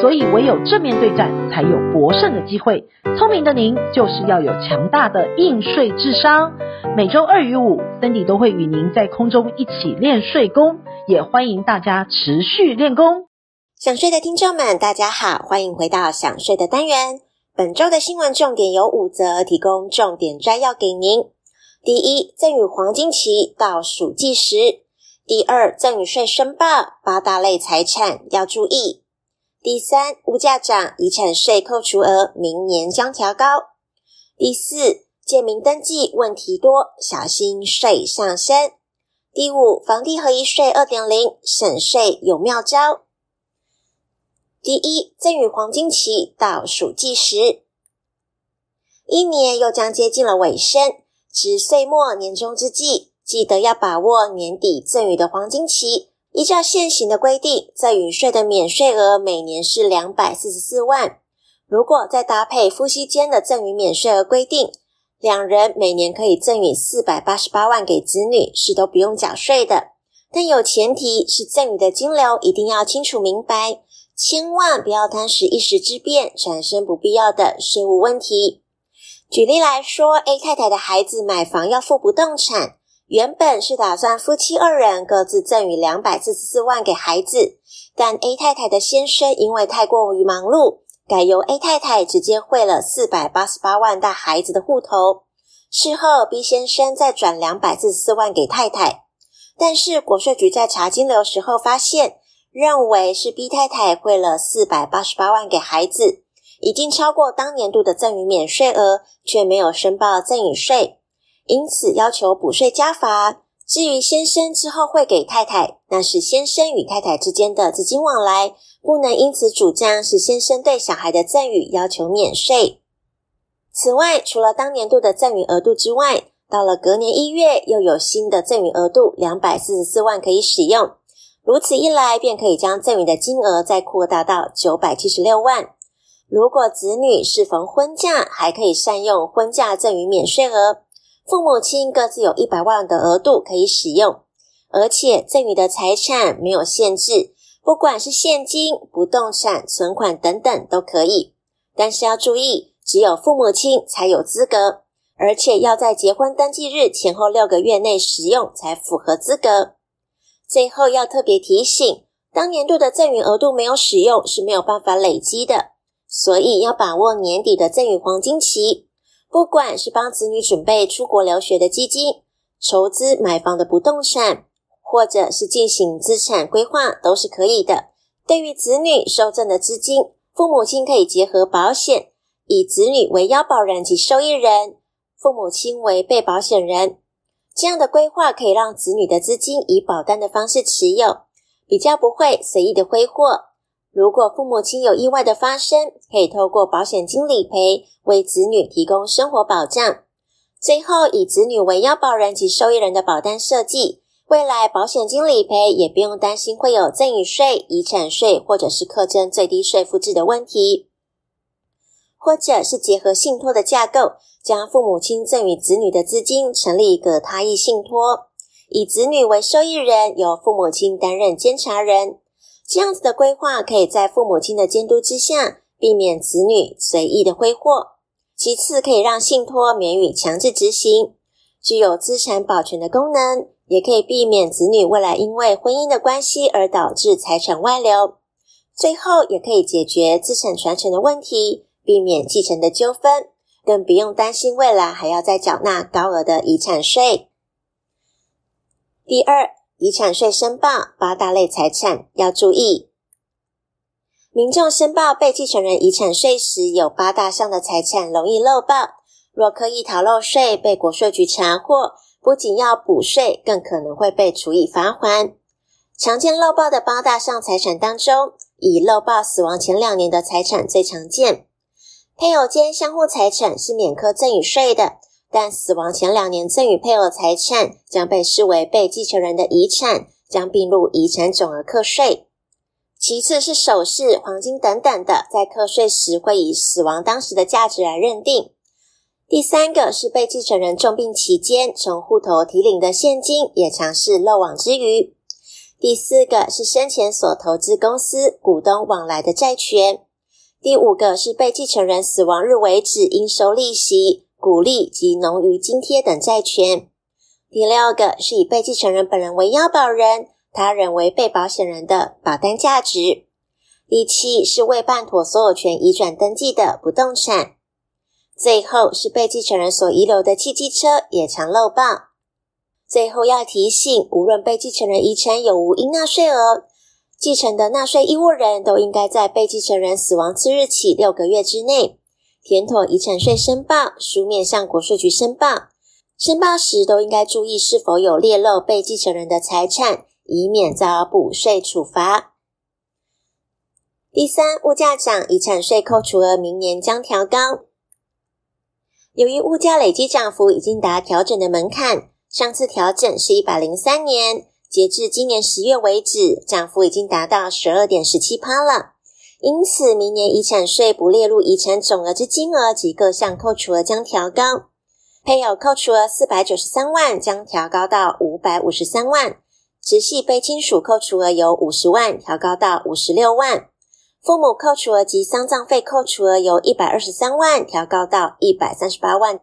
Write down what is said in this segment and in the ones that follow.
所以唯有正面對戰，才有搏勝的機會。聰明的您，就是要有強大的應稅智商。每周二與五，森迪都會與您在空中一起練稅功，也歡迎大家持續練功。想稅的聽眾們，大家好，歡迎回到想稅的單元。本周的新聞重點有五則，提供重點摘要給您。第一，贈與黃金期倒數計時；第二，贈與稅申報八大類財產要注意。第三，物價漲，遺產稅扣除額明年將調高。第四，借名登記問題多，小心稅上身。第五，房地合一稅二點零，省稅有妙招。第一，贈與黃金期倒數計時，一年又將接近了尾聲，值歲末年終之際，記得要把握年底贈與的黃金期。依照現行的規定，贈與稅的免稅額每年是兩百四十四萬。如果再搭配夫妻間的贈與免稅額規定，兩人每年可以贈與四百八十八萬給子女，是都不用繳稅的。但有前提是贈與的金流一定要清楚明白，千萬不要貪圖一時之便，產生不必要的稅務問題。舉例來說，A 太太的孩子買房要付不動產。原本是打算夫妻二人各自贈與兩百四十四萬給孩子，但 A 太太的先生因為太過於忙碌，改由 A 太太直接匯了四百八十八萬到孩子的戶頭。事後 B 先生再轉兩百四十四萬給太太，但是國稅局在查金流時候發現，認為是 B 太太匯了四百八十八萬給孩子，已經超過當年度的贈與免稅額，卻沒有申報贈與稅。因此要求補稅加罰。至於先生之後會給太太，那是先生與太太之間的資金往來，不能因此主張是先生對小孩的贈與，要求免稅。此外，除了當年度的贈與額度之外，到了隔年一月又有新的贈與額度兩百四十四萬可以使用。如此一來，便可以將贈與的金額再擴大到九百七十六萬。如果子女適逢婚嫁，還可以善用婚嫁贈與免稅額。父母親各自有一百萬的額度可以使用，而且贈與的財產沒有限制，不管是現金、不動產、存款等等都可以。但是要注意，只有父母親才有資格，而且要在結婚登記日前後六個月內使用才符合資格。最後要特別提醒，當年度的贈與額度沒有使用，是沒有辦法累積的，所以要把握年底的贈與黃金期。不管是幫子女準備出國留學的基金、籌資買房的不動產，或者是進行資產規劃，都是可以的。對於子女受贈的資金，父母親可以結合保險，以子女為要保人及受益人，父母親為被保險人。這樣的規劃可以讓子女的資金以保單的方式持有，比較不會隨意的揮霍。如果父母親有意外的發生，可以透過保險金理賠為子女提供生活保障。最後，以子女為要保人及受益人的保單設計，未來保險金理賠也不用擔心會有贈與稅、遺產稅或者是課徵最低稅負制的問題。或者是結合信託的架構，將父母親贈與子女的資金成立一個他益信託，以子女為受益人，由父母親擔任監察人。這樣子的規劃，可以在父母親的監督之下，避免子女隨意的揮霍；其次，可以讓信託免於強制執行，具有資產保全的功能，也可以避免子女未來因為婚姻的關係而導致財產外流；最後，也可以解決資產傳承的問題，避免繼承的糾紛，更不用擔心未來還要再繳納高額的遺產稅。第二，遺產稅申報八大類財產要注意。民眾申報被繼承人遺產稅時，有八大項的財產容易漏報。若刻意逃漏稅，被國稅局查獲，不僅要補稅，更可能會被處以罰鍰。常見漏報的八大項財產當中，以漏報死亡前兩年的財產最常見。配偶間相互財產是免課贈與稅的。但死亡前兩年贈與配偶財產，將被視為被繼承人的遺產，將併入遺產總額課稅。其次，是首飾、黃金等等的，在課稅時會以死亡當時的價值來認定。第三個是被繼承人重病期間從戶頭提領的現金，也常是漏網之魚。第四個是生前所投資公司股東往來的債權。第五個是被繼承人死亡日為止應收利息。股利及農漁津貼等債權。第六個是以被繼承人本人為要保人，他人為被保險人的保單價值。第七是未辦妥所有權移轉登記的不動產。最後是被繼承人所遺留的汽機車也常漏報。最後要提醒，無論被繼承人遺產有無應納稅額，繼承的納稅義務人都應該在被繼承人死亡次日起六個月之內，填妥遺產稅申報，書面向國稅局申報。申報時都應該注意是否有列漏被繼承人的財產，以免遭補稅處罰。第三，物價漲，遺產稅扣除額明年將調高。由於物價累計漲幅已經達調整的門檻，上次調整是一百零三年，截至今年十月為止，漲幅已經達到十二點十七趴了。因此，明年遺產稅不列入遺產總額之金額及各項扣除額將調高，配偶扣除額四百九十三萬將調高到五百五十三萬，直系卑親屬扣除額由五十萬調高到五十六萬，父母扣除額及喪葬費扣除額由一百二十三萬調高到一百三十八萬，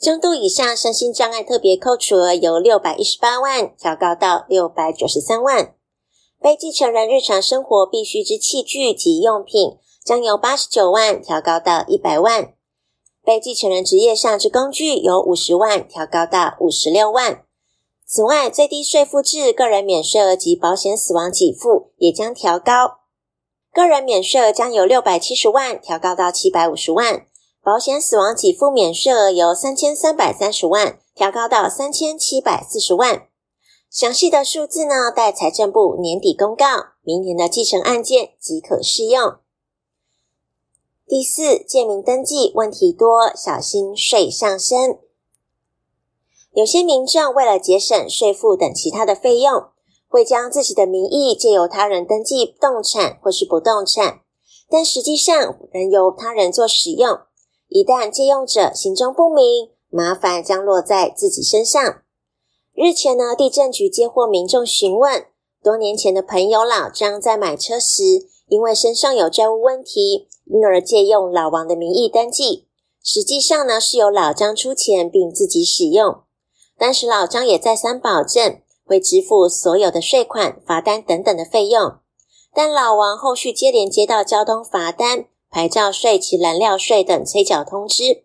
中度以上身心障礙特別扣除額由六百一十八萬調高到六百九十三萬。被繼承人日常生活必需之器具及用品，將由八十九萬調高到一百萬；被繼承人職業上之工具由五十萬調高到五十六萬。此外，最低稅負制個人免稅額及保險死亡給付也將調高。個人免稅額將由六百七十萬調高到七百五十萬；保險死亡給付免稅額由三千三百三十萬調高到三千七百四十萬。詳細的數字呢，待財政部年底公告，明年的繼承案件即可適用。第四，借名登記問題多，小心稅上身。有些民眾為了節省稅負等其他的費用，會將自己的名義借由他人登記動產或是不動產，但實際上仍由他人做使用。一旦借用者行蹤不明，麻煩將落在自己身上。日前呢，地政局接獲民眾詢問，多年前的朋友老張在買車時，因為身上有債務問題，因而借用老王的名義登記。實際上呢，是由老張出錢並自己使用。當時老張也再三保證會支付所有的稅款、罰單等等的費用。但老王後續接連接到交通罰單、牌照稅及燃料稅等催繳通知，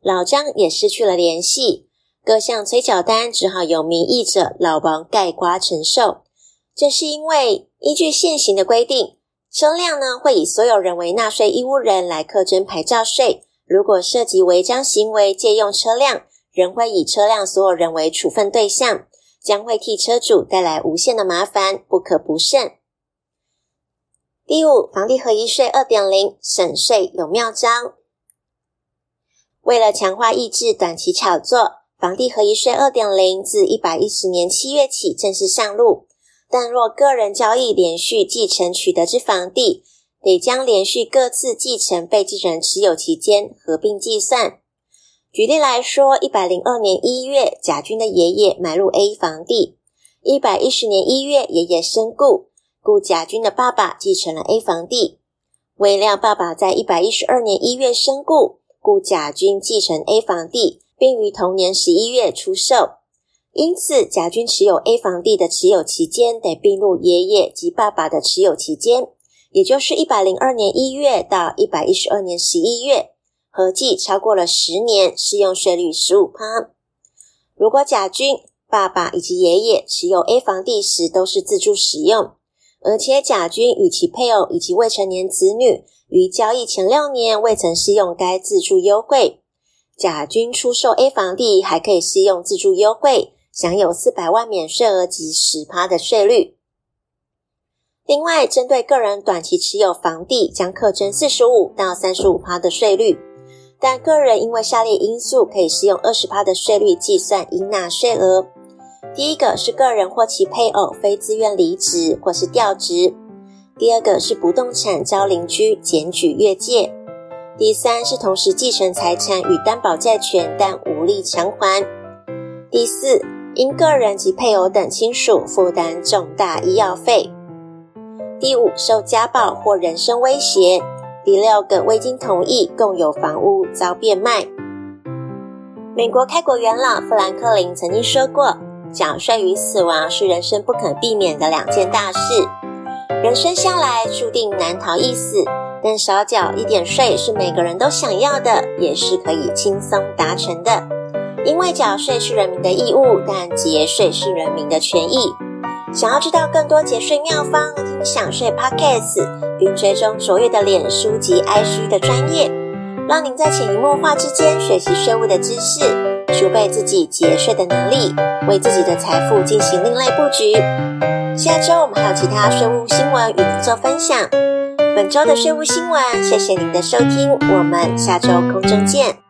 老張也失去了聯繫。各項催繳單只好由名義者老王概括承受，這是因為依據現行的規定車輛，車輛呢會以所有人為納稅義務人來課徵牌照稅。如果涉及違章行為，借用車輛仍會以車輛所有人為處分對象，將會替車主帶來無限的麻煩，不可不慎。第五，房地合一稅二點零省稅有妙招，為了強化抑制短期炒作。房地合一稅二點零自一百一十年七月起正式上路，但若個人交易連續繼承取得之房地，得將連續各次繼承被繼承人持有期間合併計算。舉例來說，一百零二年一月，甲君的爺爺買入 A 房地；一百一十年一月，爺爺身故，故甲君的爸爸繼承了 A 房地。未料爸爸在一百一十二年一月身故，故甲君繼承 A 房地。併於同年十一月出售，因此甲君持有 A 房地的持有期間得併入爺爺及爸爸的持有期間，也就是一百零二年一月到一百一十二年十一月，合計超過了十年，適用稅率十五趴。如果甲君爸爸以及爺爺持有 A 房地時都是自住使用，而且甲君與其配偶以及未成年子女於交易前六年未曾適用該自住優惠，甲君出售 A 房地，還可以適用自住優惠，享有四百萬免稅額及十趴的稅率。另外，針對個人短期持有房地，將課徵四十五到三十五趴的稅率。但個人因為下列因素，可以適用二十趴的稅率計算應納稅額。第一個是個人或其配偶非自願離職或是調職；第二個是不動產遭鄰居檢舉越界。第三是同時繼承財產與擔保債權，但無力償還。第四，因個人及配偶等親屬負擔重大醫藥費。第五，受家暴或人身威脅。第六個未經同意共有房屋遭變賣。美國開國元老富蘭克林曾經說過：“繳稅與死亡是人生不可避免的兩件大事，人生下來注定難逃一死。”但少繳一點稅是每個人都想要的，也是可以輕鬆達成的。因為繳稅是人民的義務，但節稅是人民的權益。想要知道更多節稅妙方，聽“想稅 ”Podcast，並追蹤卓越的臉書及 i 需的專業，讓您在潛移默化之間學習稅務的知識，儲備自己節稅的能力，為自己的財富進行另類布局。下周我們還有其他稅務新聞與您做分享。本週的稅務新聞，謝謝您的收聽，我們下周空中見。